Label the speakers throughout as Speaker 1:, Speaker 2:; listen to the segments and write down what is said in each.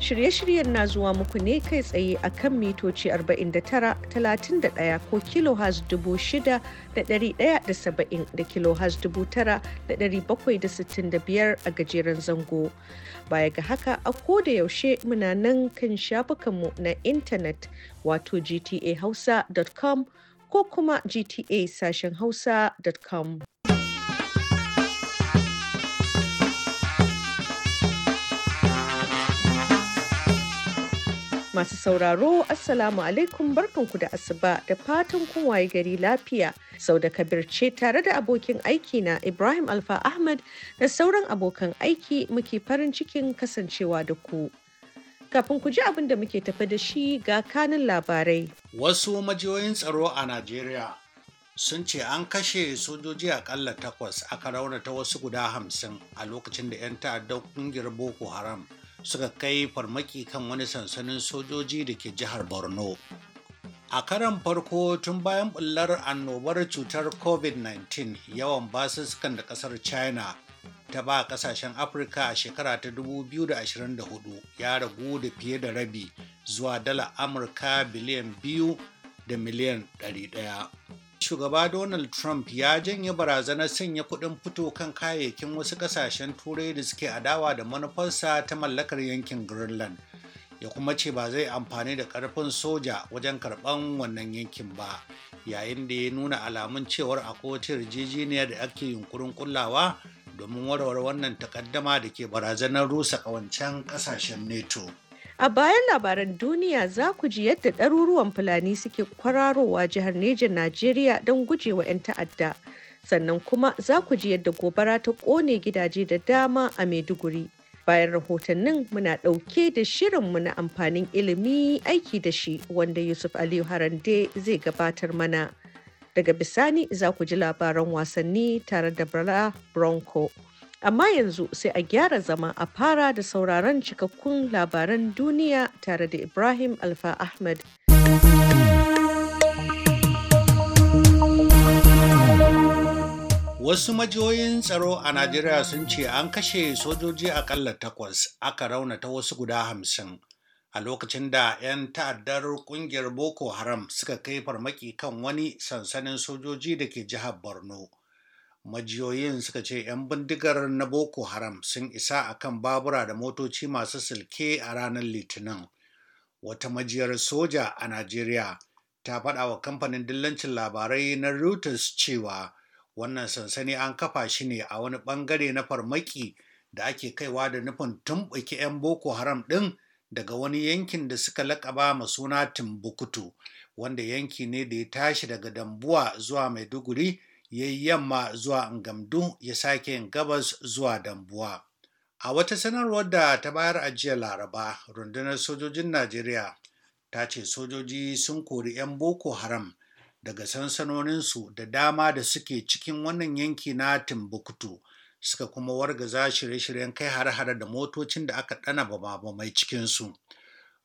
Speaker 1: Shirye-shiryen na zuwa muku ne kai tsaye a kan mitoci 49-31 ko kilohaz 6,170 da kilohaz 9,765 a gajeren zango. Baya ga haka a da yaushe muna nan kan shafukanmu na intanet wato gtahausa.com ko kuma gta sashen hausa.com. Masu sauraro, Assalamu alaikum barkanku da asuba da fatan kun waye gari lafiya. Sau da kabir ce tare da abokin aiki na Ibrahim Alfa Ahmad da sauran abokan aiki muke farin cikin kasancewa da ku. Kafin ku ji abin da muke tafi da shi ga kanin labarai.
Speaker 2: Wasu majiyoyin tsaro a Najeriya sun ce an kashe sojoji akalla takwas aka raunata wasu guda hamsin a lokacin da 'yan ta'addar kungiyar Boko Haram. suka kai farmaki kan wani sansanin sojoji da ke jihar borno a karan farko tun bayan bullar annobar cutar covid-19 yawan sukan da kasar china ta ba kasashen afirka a shekara ta 2024 ya ragu da fiye da rabi zuwa dala amurka biliyan biyu da miliyan 100 shugaba Donald Trump ya janye barazanar sanya kuɗin fito kan kayayyakin wasu ƙasashen turai da suke adawa da manufarsa ta mallakar yankin Greenland, ya kuma ce ba zai amfani da ƙarfin soja wajen karɓar wannan yankin ba, yayin da ya nuna alamun cewar akwai wata yarjejeniya da ake yunkurin kullawa domin warware wannan takaddama da ke barazanar rusa ƙawancen ƙasashen NATO.
Speaker 1: A bayan labaran duniya za ku ji yadda ɗaruruwan Fulani suke kwararowa jihar Neja Najeriya don gujewa 'yan ta'adda. Sannan kuma za ku ji yadda gobara ta ƙone gidaje da dama a Maiduguri. Bayan rahotannin muna ɗauke da shirinmu na amfanin ilimi aiki da shi wanda Yusuf Aliyu Harande zai gabatar mana. Daga bisani za ku ji labaran wasanni tare da Bala Bronco. Amma yanzu sai a gyara zama a fara da sauraron cikakkun labaran duniya tare da Ibrahim Alfa Ahmed.
Speaker 2: Wasu majiyoyin tsaro a Najeriya sun ce an kashe sojoji akalla takwas aka raunata wasu guda hamsin a lokacin da 'yan ta'addar kungiyar Boko Haram suka kai farmaki kan wani sansanin sojoji da ke jihar Borno. majiyoyin suka ce 'yan bindigar na boko haram sun isa a kan babura da motoci masu silke a ranar litinin wata majiyar soja a najeriya ta faɗa wa kamfanin dillancin labarai na reuters cewa wannan sansani an kafa shi ne a wani bangare na farmaki da ake kaiwa da nufin tumɓuke 'yan boko haram ɗin daga wani yankin da suka laƙaba ma suna timbuktu wanda yanki ne da ya tashi daga dambuwa zuwa maiduguri ya yi yamma zuwa Ngamdu ya sake yin gabas zuwa Dambuwa. A wata sanarwar da ta bayar a jiya Laraba, rundunar sojojin Najeriya ta ce sojoji sun kori 'yan Boko Haram daga sansanoninsu da dama da suke cikin wannan yanki na Timbuktu, suka kuma wargaza shirye-shiryen kai har hare da motocin da aka ɗana ba mai cikinsu.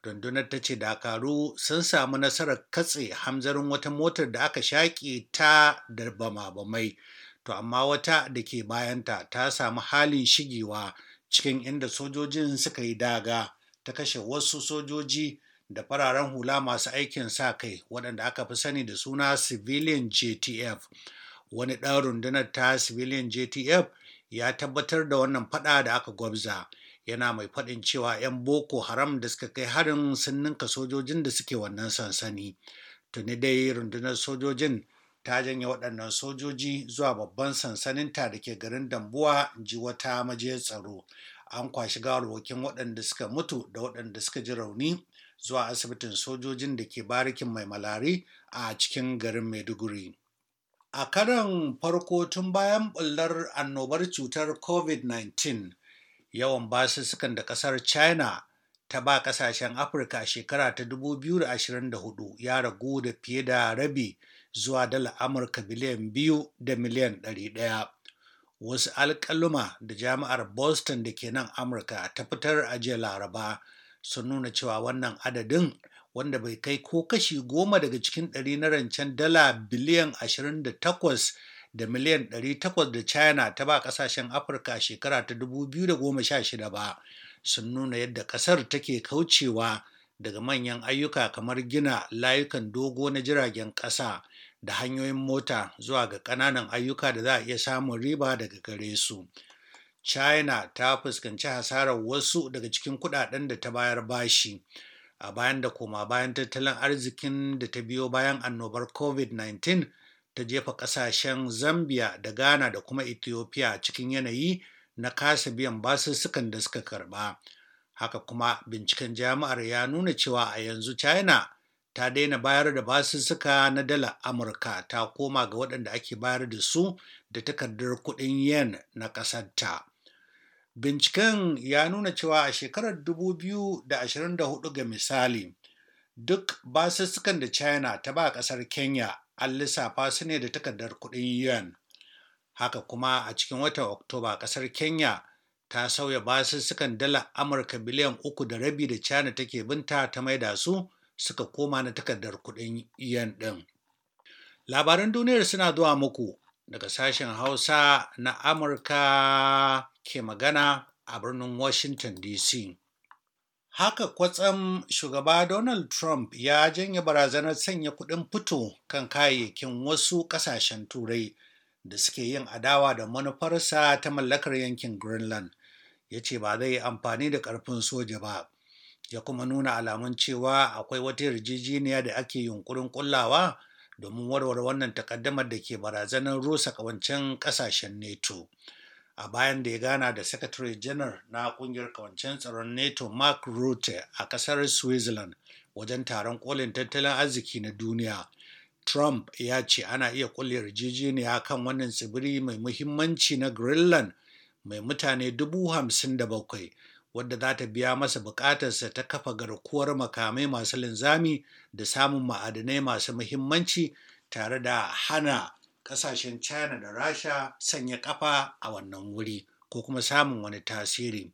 Speaker 2: Dundunar ta ce dakaru sun samu nasarar katse hamzarin wata motar da aka shaƙe ta da bama-bamai to amma wata da ke bayanta ta samu halin shigewa cikin inda sojojin suka yi daga ta kashe wasu sojoji da fararen hula masu aikin sa kai waɗanda aka fi sani da suna civilian jtf wani ɗan rundunar ta civilian jtf ya tabbatar da wannan fada da aka gwabza yana mai faɗin cewa 'yan boko haram da suka kai harin sun ninka sojojin da suke wannan sansani tuni dai rundunar sojojin ta janye waɗannan sojoji zuwa babban sansaninta da ke garin dambuwa ji wata majiyar tsaro an kwashi gawarwakin waɗanda suka mutu da waɗanda suka ji rauni zuwa asibitin sojojin da ke barikin mai malari a cikin garin maiduguri a karan farko tun bayan bullar annobar cutar covid-19 yawan basussukan da ƙasar china ta ba ƙasashen afirka a shekara ta 2024 ya ragu da fiye da rabi zuwa dala amurka biliyan biyu da miliyan ɗari ɗaya wasu alkaluma da jami'ar boston da ke nan amurka ta fitar a jiya laraba sun nuna cewa wannan adadin wanda bai kai ko kashi goma daga cikin ɗari na rancen dala biliyan 28 da miliyan 800 da China ta ba kasashen Afirka shekara ta 2016 ba sun nuna yadda kasar take kaucewa daga manyan ayyuka kamar gina layukan dogo na jiragen ƙasa da hanyoyin mota zuwa ga ƙananan ayyuka da za a iya samun riba daga gare su. China ta fuskanci hasarar wasu daga cikin kudaden da ta bayar bashi a bayan da koma bayan tattalin arzikin da ta biyo bayan annobar COVID-19 ta jefa ƙasashen Zambia da Ghana da kuma Ethiopia cikin yanayi na kasa biyan basussukan da suka karba. Haka kuma binciken jami'ar ya nuna cewa a yanzu China ta daina bayar da basussuka na dala Amurka ta koma ga waɗanda ake bayar da su da takardar kuɗin yen na ƙasarta. Binciken ya nuna cewa a shekarar 2024 ga misali, duk basussukan da China ta ba ƙasar Kenya an lissafa su ne da takardar kuɗin yuan. Haka kuma a cikin watan Oktoba ƙasar Kenya ta sauya basussukan dala Amurka biliyan uku da rabi da China take binta ta maida su suka koma na takardar kuɗin yuan ɗin. Labaran duniyar suna zuwa muku daga sashen Hausa na Amurka ke magana a birnin Washington DC. Haka kwatsam shugaba Donald Trump ya janye barazanar sanya kuɗin fito kan kayayyakin wasu ƙasashen turai da suke yin adawa da manufarsa ta mallakar yankin Greenland. Ya ce ba zai yi amfani da ƙarfin soja ba. Ya kuma nuna alamun cewa akwai wata yarjejeniya da ake yunkurin kullawa domin warware wannan takaddamar da ke barazanar rusa ƙawancen ƙasashen NATO. a bayan da ya gana da secretary general na kungiyar kawancen tsaron nato mark rutte a kasar switzerland wajen taron kolin tattalin arziki na duniya trump ya ce ana iya kulle yarjejeniya kan wannan tsibiri mai muhimmanci na greenland mai mutane dubu hamsin da bakwai wadda za ta biya masa bukatarsa ta kafa garkuwar makamai masu linzami da samun ma'adanai masu muhimmanci tare da hana kasashen china da rasha sanya kafa a wannan wuri ko kuma samun wani tasiri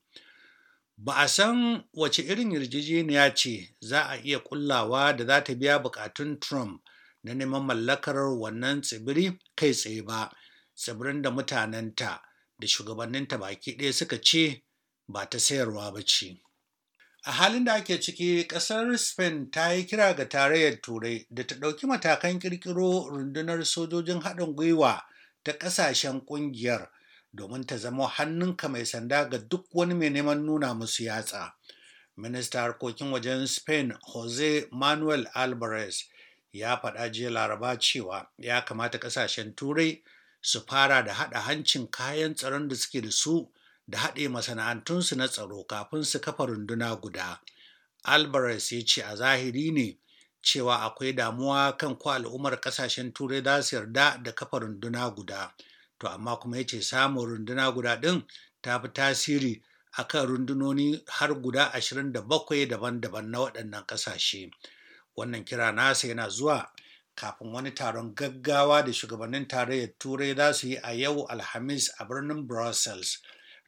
Speaker 2: ba a san wace irin yarjejeniya ce za a iya kullawa da za ta biya bukatun trump na neman mallakar wannan tsibiri kai tsaye ba tsibirin da mutanenta da shugabanninta baki ɗaya suka ce ba ta sayarwa ba ce a halin da ake ciki kasar spain ta yi kira ga tarayyar turai da ta ɗauki matakan ƙirƙiro rundunar sojojin haɗin gwiwa ta ƙasashen ƙungiyar domin ta zama hannunka mai sanda ga duk wani mai neman nuna musu yatsa minista harkokin wajen spain jose manuel alvarez ya faɗa jiya laraba cewa ya kamata ƙasashen turai su fara da haɗa hancin kayan tsaron da suke da su da haɗe masana'antunsu na tsaro kafin su kafa runduna guda. Alvarez ya ce a zahiri ne cewa akwai damuwa kan ko al'ummar ƙasashen turai za su yarda da kafa runduna guda. To amma kuma ya ce samun runduna guda ɗin ta fi tasiri a kan rundunoni har guda ashirin da bakwai daban-daban na waɗannan ƙasashe. Wannan kira nasa yana zuwa kafin wani taron gaggawa da shugabannin tarayyar turai za su yi a yau alhamis a birnin brussels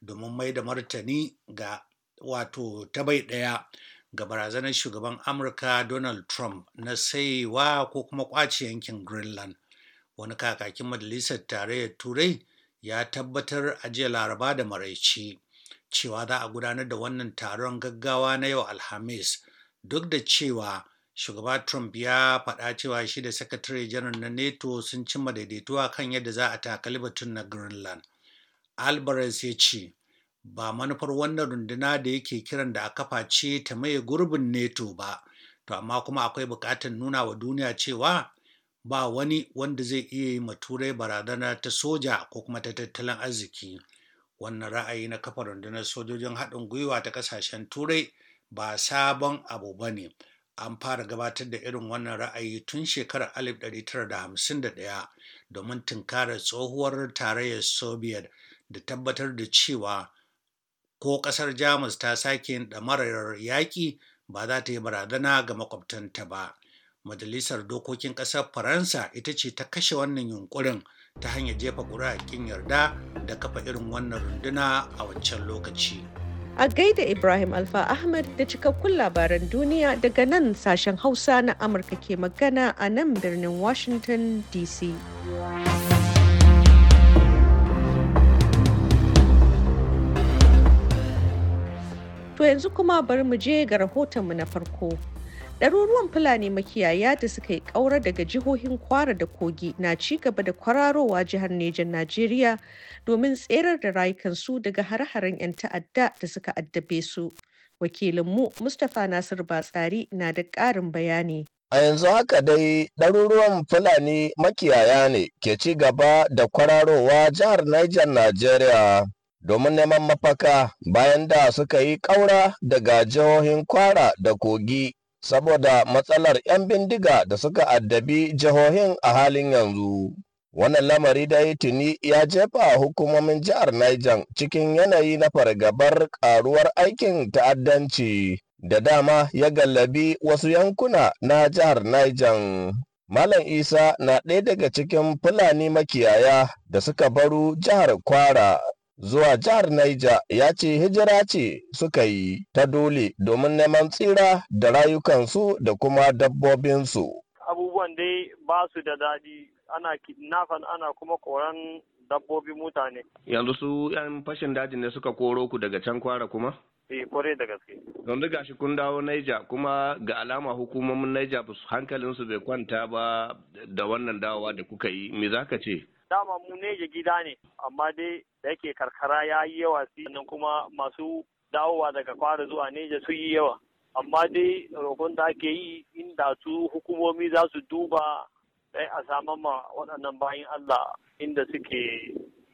Speaker 2: domin mai da martani ga wato ta bai ɗaya ga barazanar shugaban amurka donald trump na saiwa ko kuma kwace yankin greenland wani kakakin majalisar tarayyar turai ya tabbatar a jiya laraba da maraici cewa za a gudanar da wannan taron gaggawa na yau alhamis duk da cewa shugaba trump ya faɗa cewa shi da sakatare janar na nato sun cimma daidaituwa kan yadda za a takali batun na greenland alvarez ya ce ba manufar wannan runduna da yake kiran da a kafa ce ta maye gurbin neto ba to amma kuma akwai buƙatar nuna wa duniya cewa ba wani wanda zai iya yi turai barazana ta soja ko kuma ta tattalin arziki wannan ra'ayi na kafa rundunar sojojin haɗin gwiwa ta ƙasashen turai ba sabon abu ba ne an fara gabatar da irin wannan ra'ayi tun shekarar 1951 domin tunkarar tsohuwar tarayyar soviet da tabbatar da cewa ko ƙasar Jamus ta sake yin ɗamarar yaƙi ba za ta yi barazana ga makwabtanta ba. Majalisar Dokokin Ƙasar Faransa ita ce ta kashe wannan yunkurin ta hanyar jefa ƙuri'a ƙin yarda da kafa irin wannan runduna a wancan lokaci.
Speaker 1: A gaida Ibrahim Alfa Ahmad da cikakkun labaran duniya daga nan sashen Hausa na Amurka ke magana a nan birnin Washington DC. To yanzu kuma bari mu je ga rahotonmu na farko. Ɗaruruwan Fulani makiyaya da suka yi ƙaura daga jihohin Kwara da Kogi na ci gaba da kwararowa jihar Nejan Najeriya domin tserar da rayukansu daga hare-haren 'yan ta'adda da suka addabe su. Wakilinmu Mustapha Nasir Batsari na da ƙarin bayani. A
Speaker 3: yanzu haka dai ɗaruruwan Fulani makiyaya ne ke ci gaba da kwararowa jihar Nejan Najeriya domin neman mafaka bayan da suka yi ƙaura daga jihohin kwara da kogi saboda matsalar 'yan bindiga da suka addabi jihohin a halin yanzu. Wannan lamari da dai tuni ya jefa hukumomin jihar Niger cikin yanayi na fargabar ƙaruwar aikin ta'addanci da dama ya gallabi wasu yankuna na jihar Niger. Malam Isa na ɗaya daga cikin Fulani makiyaya da suka baro jihar Kwara. zuwa jihar Niger ya ce hijira ce suka yi ta dole domin neman tsira da rayukansu da kuma dabbobinsu. Abubuwan dai ba su da daɗi ana kidnafan ana kuma koran dabbobin mutane. Yanzu su 'yan fashin daji ne suka koro ku daga can kwara kuma? Eh, kwarai da gaske. Yanzu shi kun dawo Niger, kuma ga alama hukumomin Naija hankalinsu bai kwanta ba da wannan dawowa da kuka yi, me za ka ce? dama mu ne gida ne amma dai da yake karkara ya yi yawa sannan kuma masu dawowa daga kwara zuwa neja sun yi yawa amma dai roƙon da ake yi inda su hukumomi za su duba dai a samar ma waɗannan bayan Allah
Speaker 4: inda suke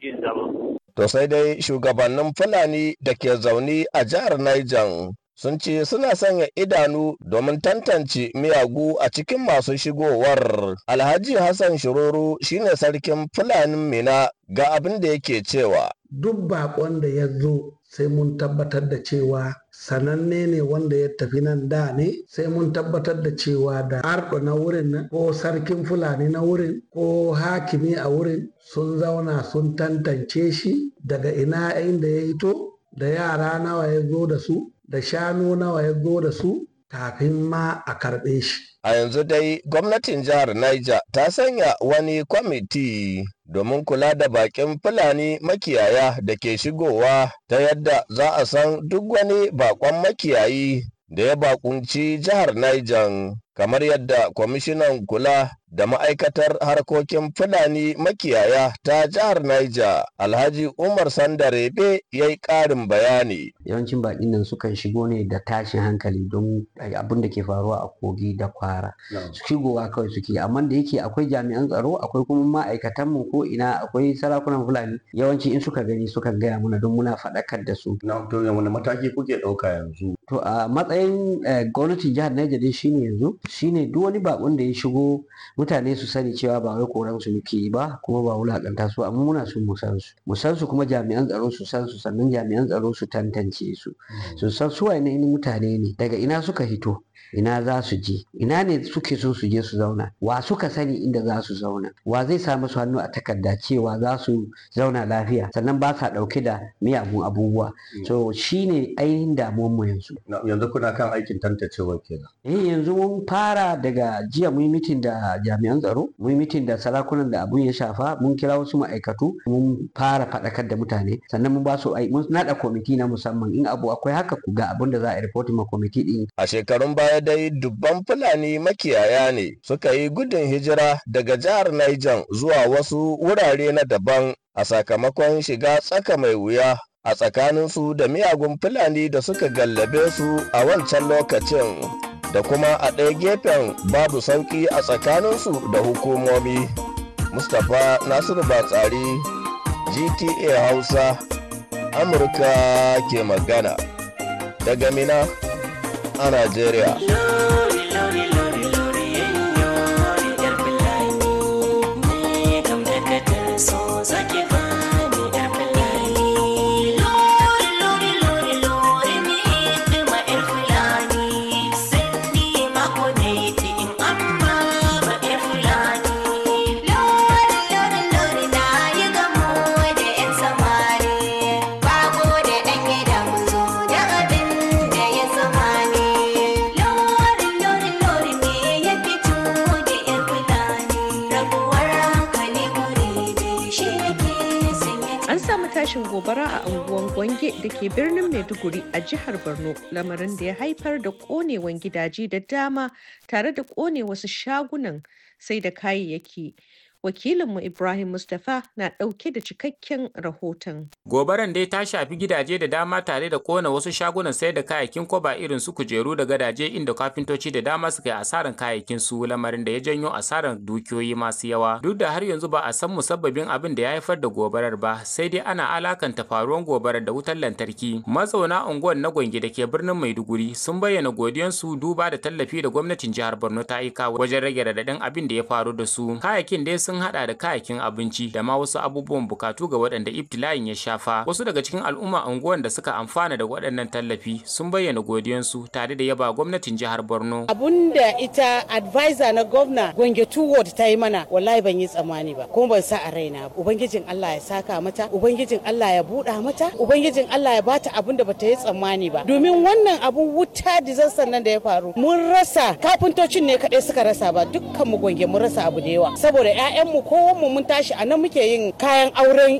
Speaker 5: yin zama.
Speaker 3: To sai dai shugabannin Fulani da ke zaune a jihar Niger sun ce suna sanya idanu domin tantance miyagu a cikin masu shigowar alhaji hassan shiroro shine sarkin fulanin mina ga abin da yake cewa
Speaker 6: duk bakon da ya zo sai mun tabbatar da cewa sananne ne wanda ya tafi nan da ne sai mun tabbatar da cewa da arɗo na wurin ko sarkin fulani na wurin ko hakimi a wurin sun zauna sun tantance shi daga ina inda ya hito da yara nawa ya zo da su da shanu nawa ya zo da su kafin ma a karɓe shi.
Speaker 3: A yanzu dai gwamnatin jihar Niger ta sanya wani kwamiti domin kula da bakin Fulani makiyaya da ke shigowa ta yadda za a san duk wani bakon makiyayi da ya bakunci jihar Niger kamar yadda kwamishinan kula da ma'aikatar harkokin Fulani makiyaya ta jihar Niger Alhaji Umar Sandarebe ya yi ƙarin bayani.
Speaker 5: Yawancin baƙin nan sukan shigo ne da tashin hankali don eh, abin da ke faruwa a kogi da kwara. Shigowa kawai suke amma da yake akwai jami'an tsaro akwai kuma ma'aikatan mu ko ina akwai sarakunan Fulani yawanci in suka gani sukan gaya mana don muna faɗakar da su.
Speaker 3: Na to wani mataki kuke ɗauka yanzu
Speaker 5: to a matsayin eh, gwamnatin jihar Niger dai shine yanzu shine duk wani bakon da ya shigo mutane su sani cewa ba wai koran su muke yi ba kuma ba wulakanta su amma muna son mu san su mu san su kuma jami'an tsaro su san su sannan jami'an tsaro su tantance su hmm. su san su waye mutane ne daga ina suka hito ina za su je ina ne suke so su je su zauna wa suka sani inda za su zauna wa zai samu su hannu a takarda cewa za su zauna lafiya sannan ba sa ɗauke da miyagun abubuwa so shine ainihin damuwan mu yanzu
Speaker 3: yanzu kuna kan aikin tantancewa kenan
Speaker 5: eh yanzu mun fara daga jiya mun mitin da jami'an tsaro mun mitin da sarakunan da abun ya shafa mun kira wasu ma'aikatu mun fara faɗakar da mutane sannan mun ba su mun naɗa kwamiti na musamman in abu akwai haka ku ga abun da za a report ma kwamiti din a shekarun baya dai dubban Fulani makiyaya
Speaker 3: ne suka yi gudun hijira daga jihar Niger zuwa wasu wurare na daban a sakamakon shiga tsaka mai wuya a tsakanin su da miyagun Fulani da suka gallabe su a wancan lokacin. Da kuma a ɗaya gefen babu sauƙi a tsakaninsu da hukumomi. Mustapha Nasiru Batsari, GTA Hausa, Amurka ke magana. Daga Mina. and Nigeria.
Speaker 1: tashin gobara a unguwan gwange da ke birnin maiduguri a jihar borno lamarin da ya haifar da konewan gidaje da dama tare da kone wasu shagunan sai da kayayyaki wakilinmu Ibrahim Mustapha na ɗauke da cikakken rahoton.
Speaker 7: Gobaran dai ta shafi gidaje da dama tare da kona wasu shagunan sayar da kayayyakin kwaba irin su kujeru da gadaje inda kafintoci da dama suka yi asarar kayayyakin su lamarin da ya janyo asarar dukiyoyi masu yawa. Duk da har yanzu ba a san musabbabin abin da ya haifar da gobarar ba sai dai ana alakanta faruwar gobarar da wutar lantarki. Mazauna unguwar na Gwangi da ke birnin Maiduguri sun bayyana godiyansu duba da tallafi da gwamnatin jihar Borno ta yi aika wajen rage radadin abin da ya faru da su. Kayakin dai sun sun hada da kayakin abinci da ma wasu abubuwan bukatu ga waɗanda ibtila'in ya shafa wasu daga cikin al'umma unguwan da suka amfana da waɗannan tallafi sun bayyana godiyansu tare da yaba gwamnatin jihar borno
Speaker 1: abunda ita advisor na gwamna gwange ward ta yi mana wallahi ban yi tsammani ba kuma ban sa a raina ba ubangijin allah ya saka mata ubangijin allah ya buɗa mata ubangijin allah ya bata abun da bata yi tsammani ba domin wannan abun wuta disaster nan da ya faru mun rasa kafintocin ne kadai suka rasa ba dukkan mu gwange mun rasa abu da yawa saboda 'ya'yan mu ko mu mun tashi a nan muke yin kayan auren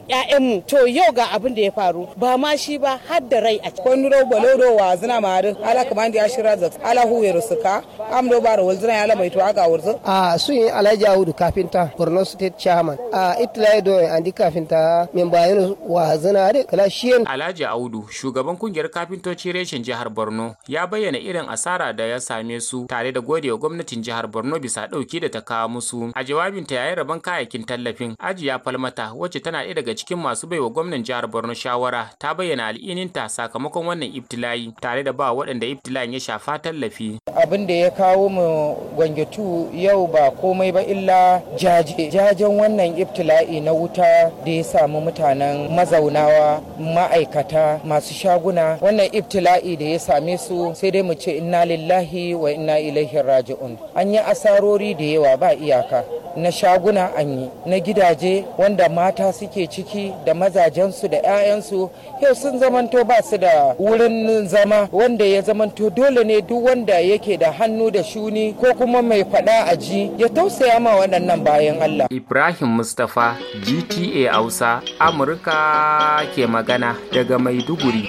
Speaker 1: mu to yau ga abin da ya faru ba ma shi ba har da rai a cikin nuro balodo
Speaker 7: wa zina mari ala kamandi ashira zak ala huwe rusuka amdo baro wal zina ya mai to aka
Speaker 3: wurzu a sun yi alhaji ahudu kafinta borno state chairman a itlai do andi kafinta min bayan wa zina da kalashiyan
Speaker 7: alhaji ahudu shugaban kungiyar kafintoci reshen jihar borno ya bayyana irin asara da ya same su tare da gode gwamnatin jihar borno bisa dauki da ta kawo musu a jawabinta yayin rabon kayayyakin tallafin ajiya falmata wacce tana ɗaya daga cikin masu baiwa gwamnan jihar borno shawara ta bayyana al'ininta sakamakon wannan iftila'i tare da ba waɗanda ibtila'in ya shafa tallafi abin da ya kawo mu gwangetu yau ba komai ba illa jaje jajen wannan iftila'i na wuta da ya samu mutanen mazaunawa ma'aikata masu shaguna wannan iftila'i da ya same su sai dai mu ce inna lillahi wa inna ilaihi raji'un an yi asarori da yawa ba iyaka na shaguna an yi na gidaje wanda mata suke ciki da mazajensu da 'ya'yansu yau sun zamanto ba su da wurin zama wanda ya zamanto dole ne duk wanda yake da hannu da shuni ko kuma mai faɗa a ji ya tausaya ma waɗannan bayan Allah. Ibrahim Mustapha GTA Hausa Amurka ke magana daga Maiduguri.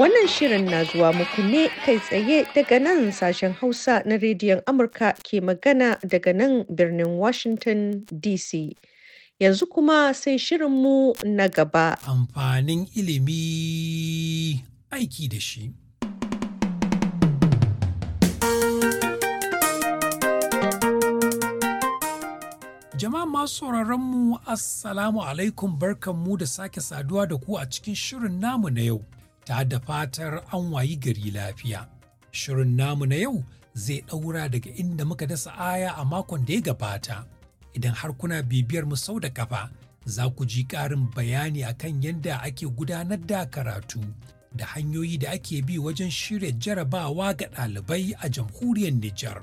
Speaker 1: Wannan shirin na zuwa muku ne kai tsaye daga nan sashen Hausa na rediyon Amurka ke magana daga nan birnin Washington DC. Yanzu kuma sai shirinmu na gaba.
Speaker 8: Amfanin ilimi aiki da shi. Jama'a masu mu Assalamu alaikum barkanmu da sake saduwa da ku a cikin shirin namu na yau. ta da fatar an wayi gari lafiya. Shirin namu na yau zai ɗaura daga inda muka dasa aya a makon da ya gabata. Idan har kuna bibiyar mu sau da kafa, za ku ji ƙarin bayani a kan yadda ake gudanar da karatu da hanyoyi da ake bi wajen shirya jarabawa ga ɗalibai a jamhuriyar Nijar.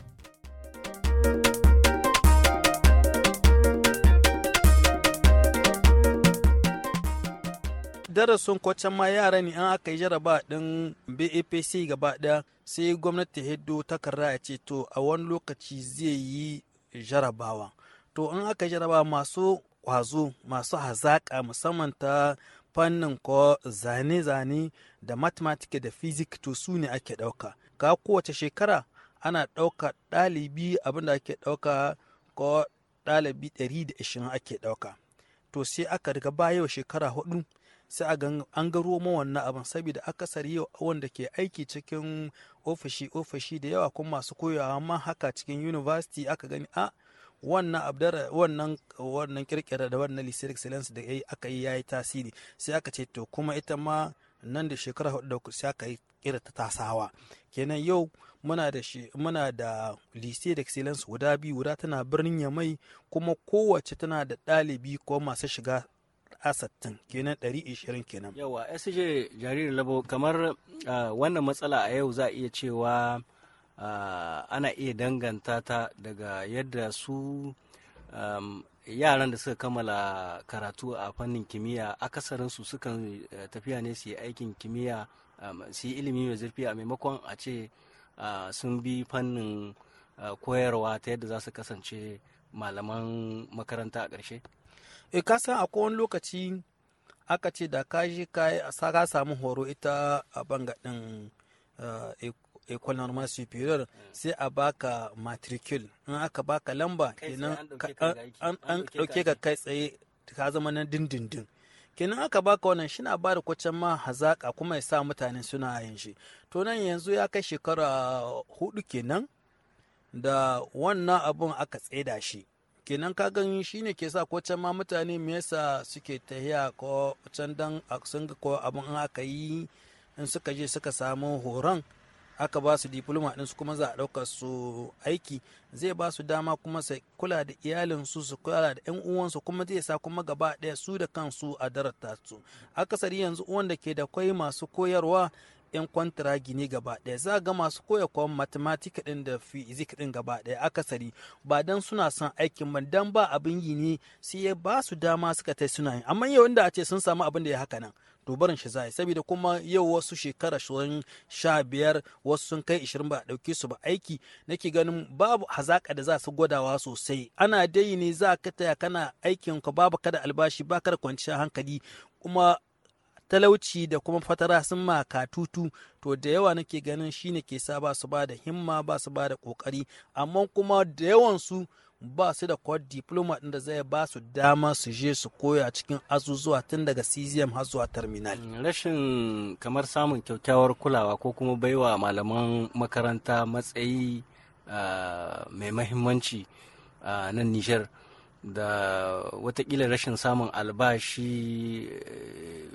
Speaker 6: darasin kwacan ma yara ne an aka yi jaraba din bapc gaba ɗaya sai gwamnati hiddo takarda ya ce to a wani lokaci zai yi jarabawa to an aka yi jaraba masu kwazo masu hazaƙa musamman ta fannin ko zane-zane da mathematics da physics to su ne ake ɗauka ka kowace shekara ana ɗauka ɗalibi abinda ake ɗauka ko ɗalibi 120 ake ɗauka to sai aka riga bayo shekara hudu sai a gan an ga ruwa wannan abin saboda akasari yau wanda ke aiki cikin ofishi ofishi da yawa kuma masu koyawa amma haka cikin university aka gani a wannan abdar wannan wannan kirkira da wannan lisir excellence da yayi aka yi yayi tasiri sai aka ce to kuma ita ma nan da shekara hudu da sai aka yi kira ta tasawa kenan yau muna da shi muna da lycée excellence guda biyu guda tana birnin yamai kuma kowace tana da ɗalibi ko masu shiga a 60 kenan 120 kenan
Speaker 9: yawa sj jaririn labo kamar wannan matsala a yau za a iya cewa ana iya danganta ta daga yadda su yaran da suka kammala karatu a fannin kimiyya akasarinsu sukan eh, tafiya ne su yi aikin kimiyya su yi ilimi mai zurfi a maimakon a ce sun bi fannin koyarwa ta yadda za su kasance malaman makaranta a ƙarshe? e ka san akwai
Speaker 6: wani lokaci aka ce da ka je ka ka samu horo ita a bangaɗin din école sai a baka matricule in aka baka lamba kenan an ɗauke ka kai tsaye ka zama na dindindin kenan aka baka wannan shi na ba da kwacin ma hazaka kuma ya sa mutane suna yin shi to nan yanzu ya kai shekara hudu kenan da wannan abun aka tseda shi kenan ka gani shine ke sa ko can ma mutane me yasa suke tahiya ko can dan sun ga ko abun an aka yi in suka je suka samu horon aka ba su diploma din su kuma za a dauka su aiki zai ba su dama kuma su kula da iyalinsu su kula da yan uwansu kuma zai sa kuma gaba ɗaya su da kansu a darata su akasari yanzu uwan da ke da kwai masu koyarwa 'yan kwantaragi ne gaba ɗaya za ga masu koya kwan matematika ɗin da fizik ɗin gaba ɗaya akasari ba dan suna son aikin ba dan ba abin yi ne sai ya ba su dama suka tai suna yi amma yau inda a ce sun samu abin da ya haka nan to barin shi za saboda kuma yau wasu shekara shirin sha biyar wasu sun kai ishirin ba a ɗauke su ba aiki nake ganin babu hazaƙa da za su gwadawa sosai ana dai ne za ka taya kana aikin ka babu kada albashi ba kada kwanciyar hankali kuma talauci da kuma fatara sun maka tutu to da yawa nake ganin shine ke sa ba su ba da himma ba su ba da kokari amma kuma da yawan su ba su da kwad diploma din da zai ba su dama su je su koya cikin azuzuwa tun daga ccm har zuwa terminal hmm,
Speaker 9: rashin kamar samun kyaukyawar kulawa ko kuma baiwa malaman makaranta matsayi ah, mai mahimmanci ah, nan nijar da watakila rashin samun albashi eh,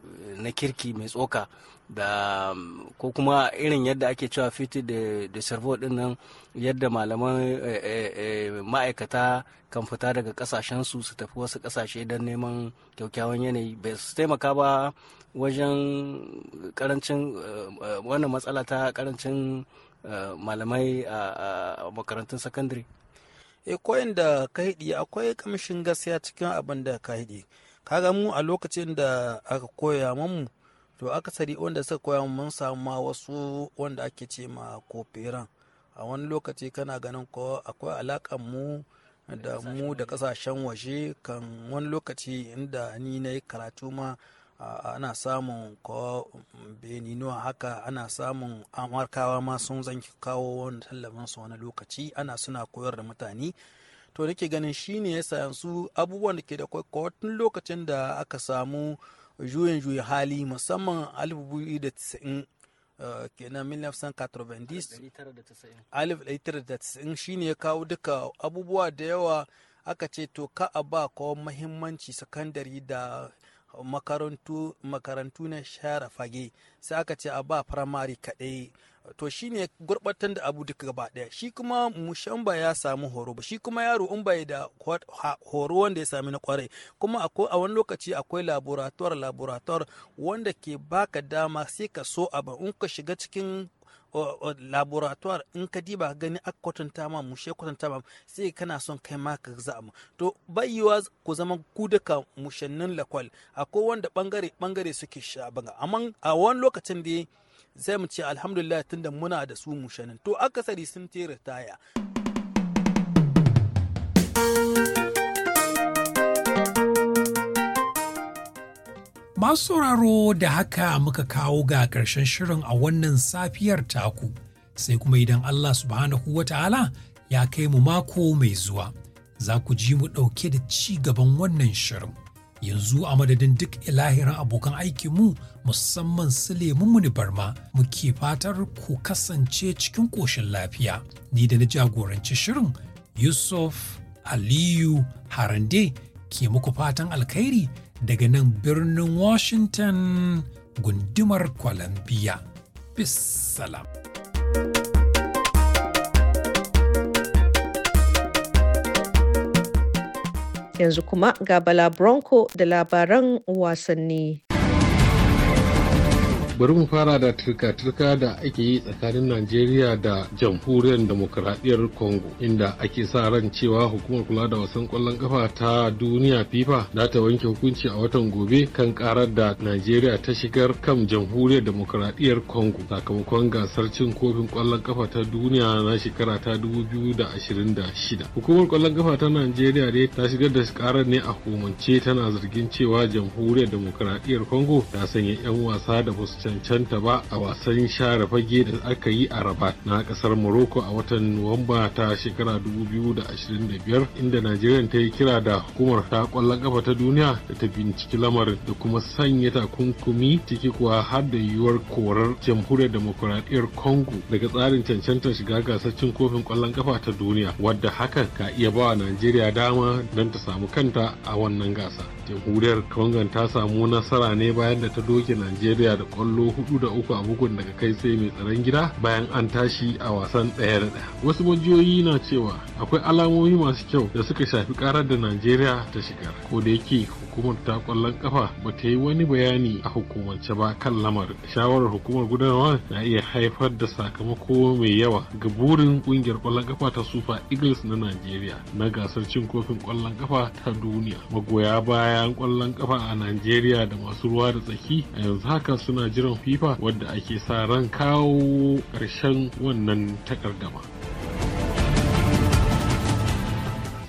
Speaker 9: na kirki mai tsoka da ko kuma irin yadda ake cewa fiti da servo din nan yadda malaman eh, eh, ma'aikata kan fita daga kasashensu su tafi wasu kasashe don neman kyaukyawan yanayi bai su taimaka ba wajen karancin wannan matsala ta karancin malamai a makarantun sakandare e eh, koyin da ka hidi akwai kamshin gaskiya cikin abin da ka Ka kaga
Speaker 6: mu a lokacin da aka koya mamu to aka akasari wanda suka koya mun samu ma wasu wanda ake ce ma kofiran a wani lokaci kana ganin ko akwai alakan mu da mu da kasashen waje kan wani lokaci inda ni na yi karatu ma ana samun ko beninuwa haka ana samun amurkawa ma sun zanki kawo wani tallafin su wani lokaci ana suna koyar da mutane to da ke ganin shine ya yanzu abubuwan da ke da kwaikwatin lokacin da aka samu juyin juyi hali musamman 1990 eh, kenan 1990 shine ya kawo duka abubuwa da yawa aka ce to ka a ba ko mahimmanci sakandari da makarantu, makarantu na share fage sai aka ce a ba firamare kaɗai to shine gurbatar da abu duka gaba ɗaya shi kuma mushamba ya samu horo ba shi kuma yaro in bai da horo wanda ya sami na kwarai kuma a wani lokaci akwai laboratoire laboratoire wanda ke baka dama sai ka so abin in ka shiga cikin laboratoire in ka diba gani aka kwatanta ma mu she kwatanta ma sai kana son kai ma ka za mu to bayiwa ku zama ku duka mushannin lakwal akwai wanda bangare bangare suke sha banga amma a wani lokacin da zai mu ce alhamdulillah tunda muna da su mushannin to akasari sun tere taya
Speaker 8: Masu sauraro da haka muka kawo ga ƙarshen shirin a wannan safiyar taku, sai kuma idan Allah subhanahu wa ta'ala ya kai mu mako mai zuwa, za ku ji mu ɗauke da ci gaban wannan shirin. Yanzu a madadin duk ilahirin abokan mu musamman su lemunmu barma muke fatar ku kasance cikin ƙoshin lafiya. Ni da na jagoranci shirin Yusuf Aliyu Harande ke muku fatan alkhairi daga nan birnin Washington gundumar Columbia. Bis
Speaker 1: Yanzu kuma ga Bala Bronco da labaran wasanni.
Speaker 4: bari mu fara da turka-turka da ake yi tsakanin najeriya da jamhuriyar demokuraɗiyar congo inda ake sa ran cewa hukumar kula da wasan kwallon kafa ta duniya fifa za ta wanke hukunci a watan gobe kan karar da najeriya ta shigar kan jamhuriyar demokuraɗiyar congo sakamakon gasar cin kofin kwallon kafa ta duniya na shekara ta 2026 hukumar kwallon kafa ta najeriya dai ta shigar da karar ne a hukumance tana zargin cewa jamhuriyar demokuraɗiyar congo ta sanya 'yan wasa da wasu cancanta ba a wasan share fage da aka yi a Rabat na kasar Morocco a watan Nuwamba ta shekara 2025 inda Najeriya ta yi kira da hukumar ta kwallon kafa ta duniya da ta binciki lamarin da kuma sanya takunkumi ciki kuwa har da yiwuwar korar jamhuriyar demokuraɗiyyar Congo daga tsarin cancantar shiga gasar cin kofin kwallon kafa ta duniya wadda hakan ka iya ba wa Najeriya dama don ta samu kanta a wannan gasa. Jamhuriyar Congo ta samu nasara ne bayan da ta doke Najeriya da kwallon kwallo hudu da uku a bugun daga kai sai mai tsaron gida bayan an tashi a wasan ɗaya da ɗaya wasu majiyoyi na cewa akwai alamomi masu kyau da suka shafi karar da najeriya ta shigar ko da yake hukumar ta kwallon kafa ba ta yi wani bayani a hukumance ba kan lamar shawarar hukumar gudanarwa na iya haifar da sakamako mai yawa ga burin kungiyar kwallon kafa ta sufa eagles na najeriya na gasar cin kofin kwallon kafa ta duniya magoya bayan kwallon kafa a najeriya da masu ruwa da tsaki a yanzu haka suna jiran fifa wadda ake sa ran kawo ƙarshen wannan takardama.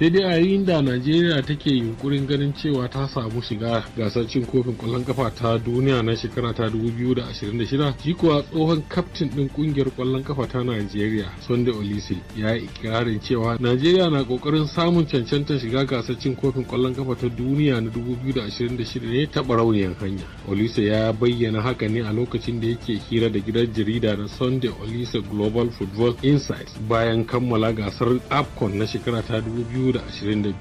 Speaker 4: sai dai a yayin da najeriya take yunkurin ganin cewa ta samu shiga gasar cin kofin kwallon kafa ta duniya na shekara ta 2026 shi kuwa tsohon kaftin din kungiyar kwallon kafa ta najeriya sunday olise ya yi ikirarin cewa najeriya na kokarin samun cancantar shiga gasar cin kofin kwallon kafa ta duniya na 2026 ne ta barauniyar hanya olise ya bayyana haka ne a lokacin da yake hira da gidan jarida na sunday olise global football insights bayan kammala gasar afcon na shekara ta 2000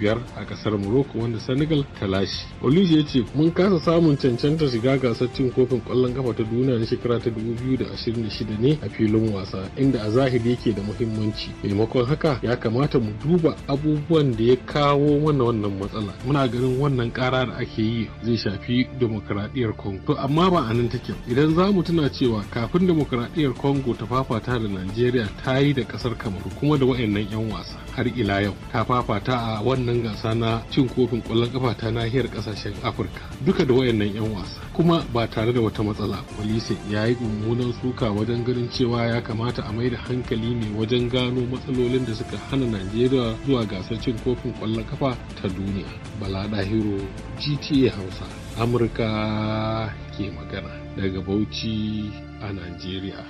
Speaker 4: biyar a kasar Morocco wanda Senegal ta lashe. Olusi ya ce mun kasa samun cancanta shiga gasar cin kofin kwallon kafa ta duniya na shekara ta 2026 ne a filin wasa inda a zahiri yake da muhimmanci. Maimakon haka ya kamata mu duba abubuwan da ya kawo mana wannan matsala. Muna ganin wannan kara da ake yi zai shafi demokradiyyar Congo. To amma ba a nan take. Idan za mu tuna cewa kafin demokradiyyar Congo ta fafata da Najeriya ta yi da kasar Kamaru kuma da waɗannan 'yan wasa har ila yau ta fafa. fafata a wannan gasa na cin kofin ƙwallon kafa ta nahiyar ƙasashen Afirka duka da wayannan 'yan wasa kuma ba tare da wata matsala Polise ya yi mummunan suka wajen ganin cewa ya kamata a mai da hankali ne wajen gano matsalolin da suka hana Najeriya zuwa gasar cin kofin kwallon kafa ta duniya. Bala Dahiro GTA Hausa Amurka ke magana daga Bauchi a Najeriya.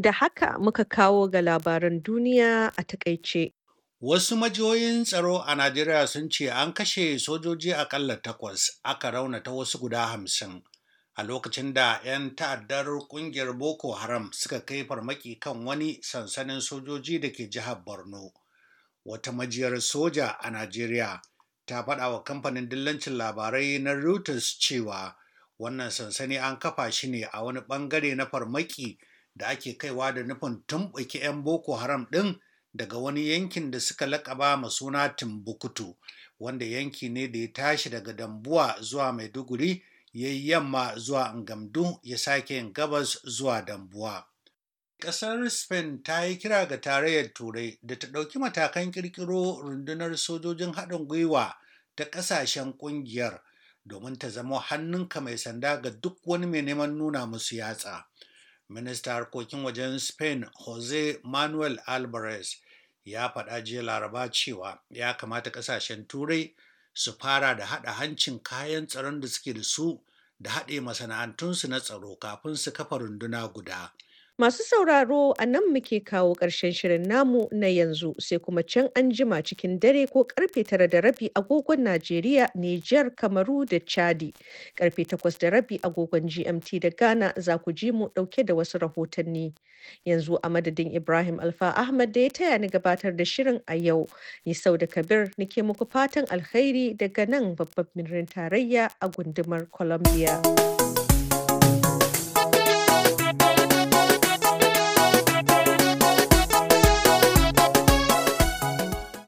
Speaker 1: Da haka muka kawo ga labaran duniya a takaice.
Speaker 2: Wasu majiyoyin tsaro a Najeriya sun ce an kashe sojoji akalla takwas aka rauna ta wasu guda hamsin a lokacin da 'yan ta'addar kungiyar Boko Haram suka kai farmaki kan wani sansanin sojoji da ke jihar Borno. Wata majiyar soja a Najeriya ta faɗa wa kamfanin dillancin labarai na Reuters cewa wannan sansani an kafa shi ne a wani ɓangare na farmaki da ake kaiwa da nufin tumɓuki 'yan Boko Haram ɗin. daga wani yankin da suka lakaba ma suna Timbuktu, wanda yanki ne da ya tashi daga Dambuwa zuwa Maiduguri, ya yi yamma zuwa Ngamdu ya sake yin gabas zuwa Dambuwa. Ƙasar Spain ta yi kira ga tarayyar Turai da ta ɗauki matakan ƙirƙiro rundunar sojojin haɗin gwiwa ta ƙasashen ƙungiyar domin ta zama hannunka mai sanda ga duk wani mai neman nuna musu yatsa. Minista harkokin wajen Spain Jose Manuel Alvarez ya faɗa jiya laraba cewa ya kamata ƙasashen turai su fara da haɗa hancin kayan tsaron da suke da su da haɗe masana'antunsu na tsaro kafin su kafa runduna guda.
Speaker 1: Masu sauraro a nan muke kawo ƙarshen shirin namu na yanzu sai kuma can an jima cikin dare ko karfe tara da rabi agogon Najeriya, Nijar, Kamaru da Chadi. Karfe takwas da rabi agogon GMT da Ghana za ku ji mu ɗauke da wasu rahotanni. Yanzu a madadin Ibrahim Alfa Ahmad da ya taya ni gabatar da shirin a yau. Ni sau da Kabir nake muku fatan alkhairi daga nan babban birnin tarayya a gundumar Columbia.